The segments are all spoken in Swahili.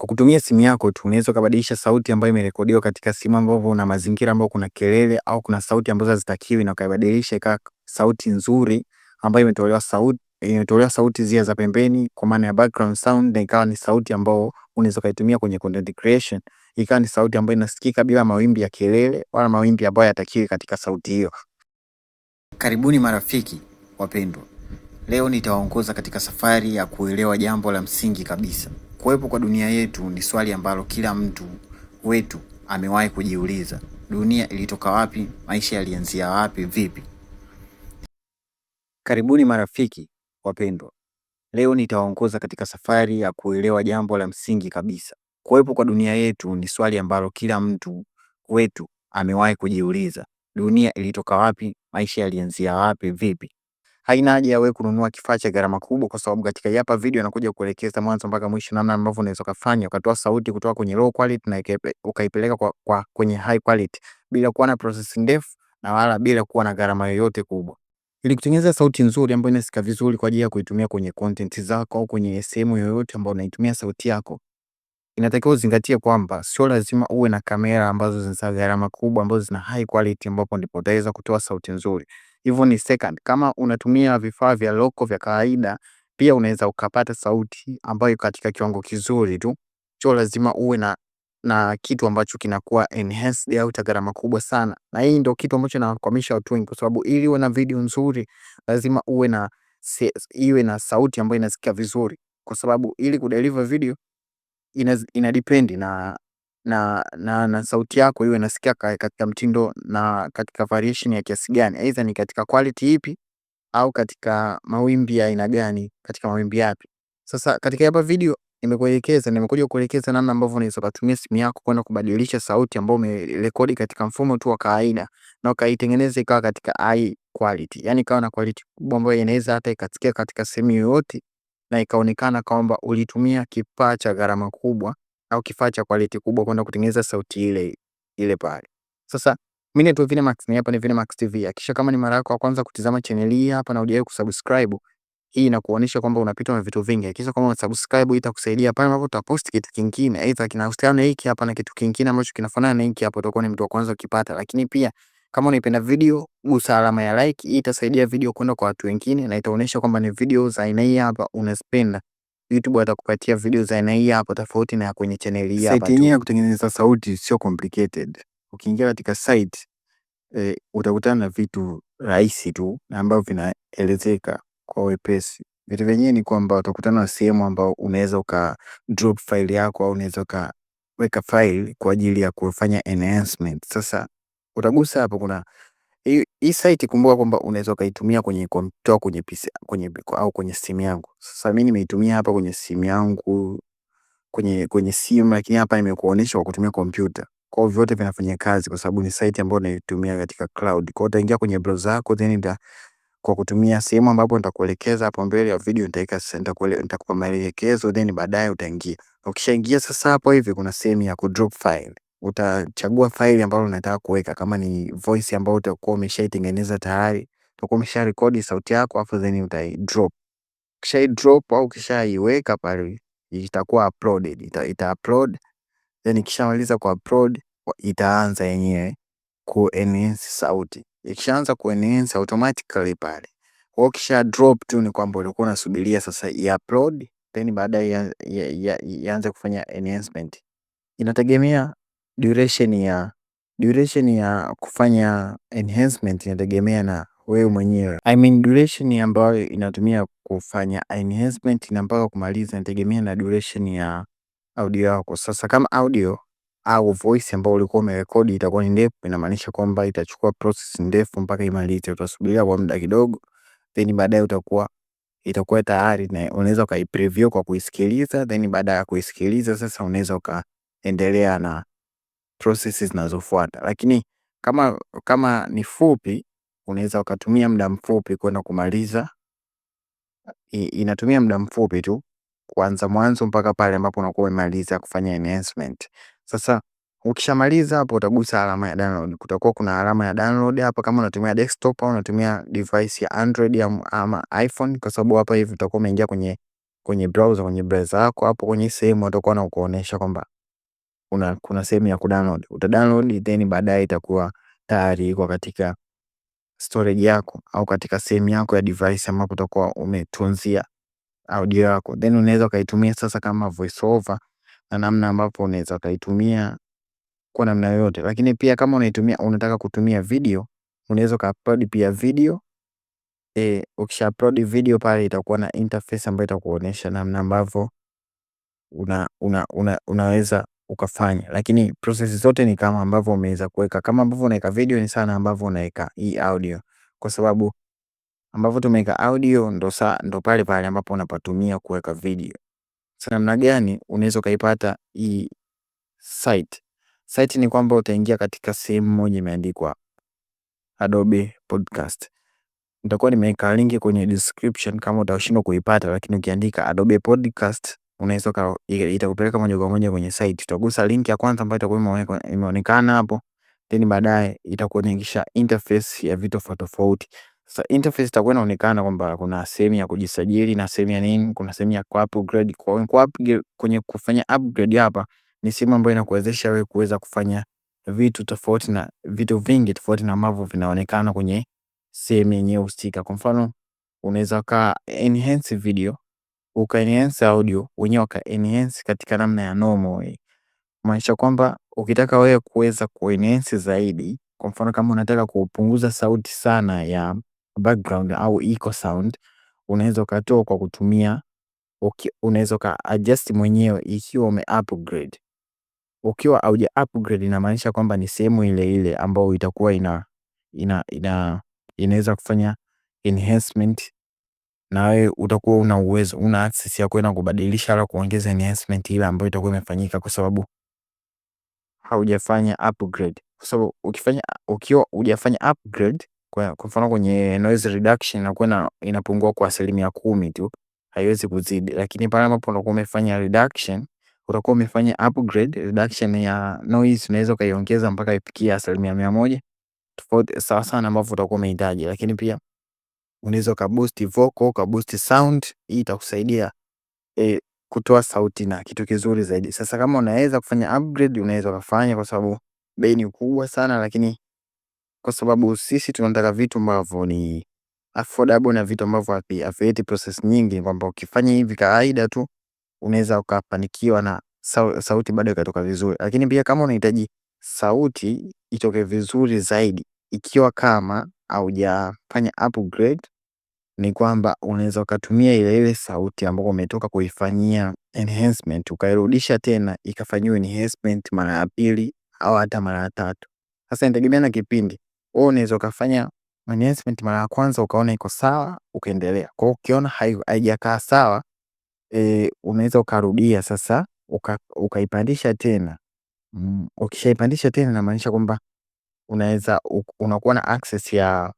Kwa kutumia simu yako tu unaweza kubadilisha sauti ambayo imerekodiwa katika simu ambapo una mazingira ambayo kuna kelele au kuna sauti ambazo hazitakiwi na ukaibadilisha ikawa sauti nzuri ambayo imetolewa sauti imetolewa sauti zile za pembeni kwa maana ya background sound na ikawa ni sauti ambayo unaweza ukaitumia kwenye content creation, ikawa ni sauti ambayo inasikika bila mawimbi ya kelele wala mawimbi ambayo yatakiwi katika sauti hiyo. Karibuni marafiki wapendwa. Leo nitawaongoza katika safari ya kuelewa jambo la msingi kabisa. Kuwepo kwa dunia yetu ni swali ambalo kila mtu wetu amewahi kujiuliza. Dunia ilitoka wapi? Maisha yalianzia wapi? Vipi? Karibuni marafiki wapendwa, leo nitawaongoza katika safari ya kuelewa jambo la msingi kabisa. Kuwepo kwa dunia yetu ni swali ambalo kila mtu wetu amewahi kujiuliza. Dunia ilitoka wapi? Maisha yalianzia wapi? Vipi? haina haja ya wewe kununua kifaa cha gharama kubwa, kwa sababu katika hii hapa video nakuja kuelekeza mwanzo mpaka mwisho namna ambavyo unaweza kufanya ukatoa sauti kutoka kwenye low quality na ukaipeleka kwa, kwa kwenye high quality bila kuwa na process ndefu na wala bila kuwa na gharama yoyote kubwa. Ili kutengeneza sauti nzuri ambayo inasikika vizuri kwa ajili ya kuitumia kwenye content zako au kwenye sehemu yoyote ambayo unaitumia sauti yako, inatakiwa uzingatie kwamba sio lazima uwe na kamera ambazo zina gharama kubwa ambazo zina high quality, ambapo ndipo utaweza kutoa sauti nzuri hivyo ni second. Kama unatumia vifaa vya loko vya kawaida, pia unaweza ukapata sauti ambayo katika kiwango kizuri tu, sio lazima uwe na na kitu ambacho kinakuwa enhanced au cha gharama kubwa sana. Na hii ndio kitu ambacho nawakwamisha watu wengi, kwa sababu ili uwe na video nzuri lazima uwe na iwe na sauti ambayo inasikia vizuri, kwa sababu ili kudeliver video ina, ina depend na na, na, na sauti yako iwe nasikia katika mtindo na katika variation ya kiasi gani, aidha ni katika quality ipi au katika mawimbi ya aina gani, katika mawimbi yapi. Sasa katika hapa video nimekuelekeza, nimekuja kuelekeza namna ambavyo unaweza kutumia simu yako kwenda kubadilisha sauti ambayo umerekodi katika mfumo tu wa kawaida na ukaitengeneza ikawa katika high quality, yani ikawa na quality kubwa ambayo inaweza hata ikasikia katika sehemu yoyote na ikaonekana kwamba ulitumia kifaa cha gharama kubwa au kifaa cha quality kubwa kwenda kutengeneza sauti ile ile pale. Sasa mimi ni naitwa Vinemax, ni hapa ni Vinemax TV. Hakikisha kama ni mara yako ya kwanza kutizama channel hii hapa na hujawahi kusubscribe, hii inakuonyesha kwamba unapitwa na vitu vingi. Hakikisha kama unasubscribe, itakusaidia pale ambapo tutapost kitu kingine, aidha kinahusiana na hiki hapa na kitu kingine ambacho kinafanana na hiki hapo, utakuwa ni mtu wa kwanza ukipata. Lakini pia kama unaipenda video, gusa alama ya like, hii itasaidia video kwenda kwa watu wengine na itaonyesha kwamba ni video za aina hii hapa unazipenda. YouTube atakupatia video za aina hii hapo, tofauti na kwenye chaneli hii hapa. Site yenyewe ya kutengeneza sauti sio complicated. Ukiingia katika site e, utakutana na vitu rahisi tu ambavyo vinaelezeka kwa wepesi. Vitu vyenyewe ni kwamba utakutana na sehemu ambao unaweza uka drop file yako au unaweza weka file kwa ajili ya kufanya enhancement. Sasa utagusa hapo kuna hii site kumbuka kwamba unaweza ukaitumia kwenye kompyuta kwenye PC kwenye au kwenye simu yangu. Sasa mimi nimeitumia hapa kwenye simu yangu kwenye kwenye simu, lakini hapa nimekuonyesha kwa kutumia kompyuta. Kwa hiyo vyote vinafanya kazi kwa sababu ni site ambayo naitumia katika cloud. Kwa hiyo utaingia kwenye browser yako then nita kwa kutumia sehemu ambapo nitakuelekeza hapo mbele ya video nitaweka nitakupa maelekezo then baadaye utaingia. Ukishaingia sasa hapo hivi kuna sehemu ya ku drop file utachagua faili ambalo unataka kuweka, kama ni voice ambayo utakuwa umeshaitengeneza tayari, utakuwa umesha rekodi sauti yako, afu then utai drop. Kisha i drop au kisha iweka pale, itakuwa uploaded, ita, ita upload then ikishamaliza ku upload itaanza yenyewe ku enhance sauti. Ikishaanza ku enhance automatically pale kwa kisha drop tu, ni kwamba ulikuwa unasubiria sasa i upload then baadaye ianze kufanya enhancement. Inategemea duration ya duration ya kufanya enhancement inategemea na wewe mwenyewe. I mean duration ambayo inatumia kufanya enhancement na mpaka kumaliza inategemea na duration ya audio yako. Sasa kama audio au voice ambayo ulikuwa umerekodi itakuwa ni ndefu, inamaanisha kwamba itachukua process ndefu mpaka imalize. Utasubiria kwa muda kidogo, then baadaye utakuwa itakuwa tayari na unaweza ukaipreview kwa kuisikiliza, then baada ya kuisikiliza sasa unaweza ukaendelea na prosesi zinazofuata, lakini kama kama ni fupi, unaweza ukatumia muda mfupi kwenda kumaliza. I, inatumia muda mfupi tu kuanza mwanzo mpaka pale ambapo unakuwa umemaliza kufanya enhancement. Sasa ukishamaliza hapo, utagusa alama ya download. Kutakuwa kuna alama ya download hapa, kama unatumia desktop au unatumia device ya Android ya, ama iPhone, kwa sababu hapa hivi utakuwa umeingia kwenye kwenye browser, kwenye browser yako hapo kwenye sehemu utakuwa na kuonesha kwamba kuna, kuna sehemu ya kudownload utadownload, then baadaye itakuwa tayari iko katika storage yako au katika sehemu yako ya device ambapo utakuwa umetunzia audio yako, then unaweza ukaitumia sasa kama voice over na namna ambapo unaweza ukaitumia kwa namna yoyote, lakini pia kama unaitumia unataka kutumia video unaweza ukaupload pia video e, ukisha upload video pale itakuwa na interface ambayo itakuonyesha namna ambavyo una, una, una, unaweza ukafanya, lakini prosesi zote ni kama ambavyo umeweza kuweka, kama ambavyo unaweka video ni sana ambavyo unaweka hii audio, kwa sababu ambavyo tumeweka audio ndo sa ndo pale pale ambapo unapatumia kuweka video. Sasa namna gani unaweza ukaipata hii site? Site ni kwamba utaingia katika sehemu moja imeandikwa Adobe Podcast. Nitakuwa nimeweka linki kwenye description kama utashindwa kuipata, lakini ukiandika Adobe Podcast unaweza itakupeleka moja kwa moja kwenye site. Utagusa link ya kwanza ambayo itakuwa imeonekana hapo, then baadaye itakuonyesha interface ya vitu tofauti tofauti. Sasa interface itakuwa inaonekana kwamba kuna sehemu ya kujisajili na sehemu ya nini, kuna sehemu ya ku upgrade. Kwa kwenye kufanya upgrade hapa ni sehemu ambayo inakuwezesha wewe kuweza kufanya vitu tofauti na vitu vingi tofauti na ambavyo vinaonekana kwenye sehemu yenyewe husika. Kwa mfano unaweza ka enhance video ukaenhance audio wenyewe waka wakaenhance katika namna ya normal way, kumaanisha kwamba ukitaka wewe kuweza kuenhance zaidi, kwa mfano kama unataka kupunguza sauti sana ya background au echo sound, unaweza ukatoa kwa kutumia, unaweza uka adjust mwenyewe ikiwa ume upgrade. Ukiwa auja upgrade, inamaanisha kwamba ni sehemu ile ile ambayo itakuwa ina ina ina inaweza kufanya enhancement na wewe utakuwa una uwezo, una access ya kwenda kubadilisha au kuongeza enhancement ile ambayo itakuwa imefanyika, kwa sababu haujafanya upgrade. Kwa sababu ukifanya, ukiwa hujafanya upgrade, kwa mfano kwenye noise reduction inakuwa inapungua kwa asilimia kumi tu, haiwezi kuzidi, lakini pale ambapo unakuwa umefanya reduction utakuwa umefanya upgrade, reduction ya noise unaweza ukaiongeza mpaka ifikie asilimia mia moja tofauti sawa sana ambavyo utakuwa umehitaji, lakini pia unaweza ukaboost vocal ukaboost sound. Hii itakusaidia e, kutoa sauti na kitu kizuri zaidi. Sasa kama unaweza kufanya upgrade, unaweza ukafanya, kwa sababu bei ni kubwa sana, lakini kwa sababu sisi tunataka vitu ambavyo ni affordable na vitu ambavyo havieti process nyingi, kwamba ukifanya hivi kawaida tu unaweza ukafanikiwa na sauti bado ikatoka vizuri. Lakini pia kama unahitaji sauti itoke vizuri zaidi, ikiwa kama haujafanya upgrade ni kwamba unaweza ukatumia ile ile sauti ambayo umetoka kuifanyia enhancement ukairudisha tena ikafanyiwa enhancement mara ya pili au hata mara ya tatu. Sasa inategemea na kipindi. Wewe unaweza ukafanya enhancement mara ya kwanza ukaona iko sawa, ukaendelea. Kwa hiyo ukiona haijakaa sawa, e, unaweza ukarudia sasa uka, ukaipandisha tena. Mm, ukishaipandisha tena inamaanisha kwamba unaweza unakuwa na access ya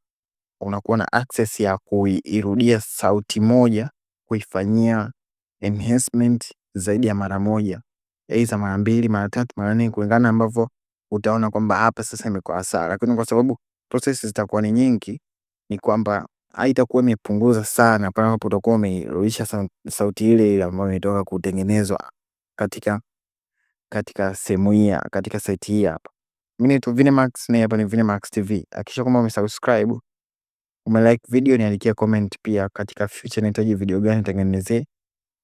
unakuwa na access ya kuirudia sauti moja kuifanyia enhancement zaidi ya mara moja, aidha mara mbili, mara tatu, mara nne, kulingana ambavyo utaona kwamba hapa sasa imekuwa sawa. Lakini kwa sababu process zitakuwa ni nyingi, ni kwamba haitakuwa imepunguza sana pale ambapo utakuwa umeirudisha sauti ile ile ambayo imetoka kutengenezwa katika katika sehemu hii katika seti hii hapa. Mimi Vinemax na hapa ni Vinemax TV. Hakikisha kwamba umesubscribe, umelike video, niandikia comment pia. Katika future nahitaji video gani nitengenezee.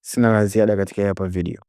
Sina la ziada katika hapa video.